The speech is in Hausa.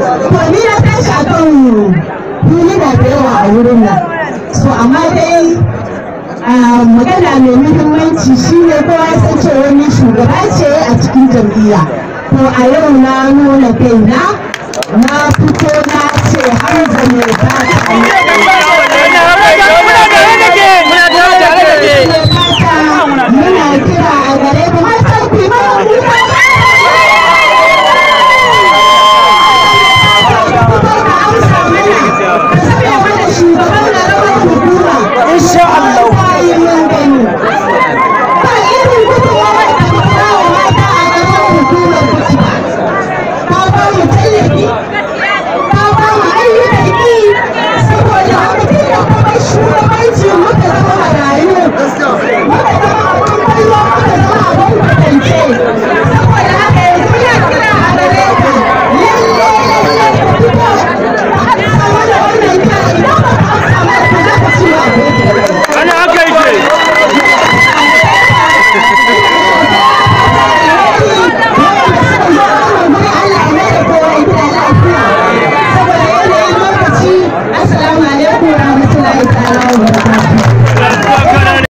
to ni na tashi a kan fili da yawa a wurin nan so amma dai magana mai muhimmanci shine kowa ya san cewa ni shugaba ce a cikin jam'iyya to a yau na nuna kaina na 你。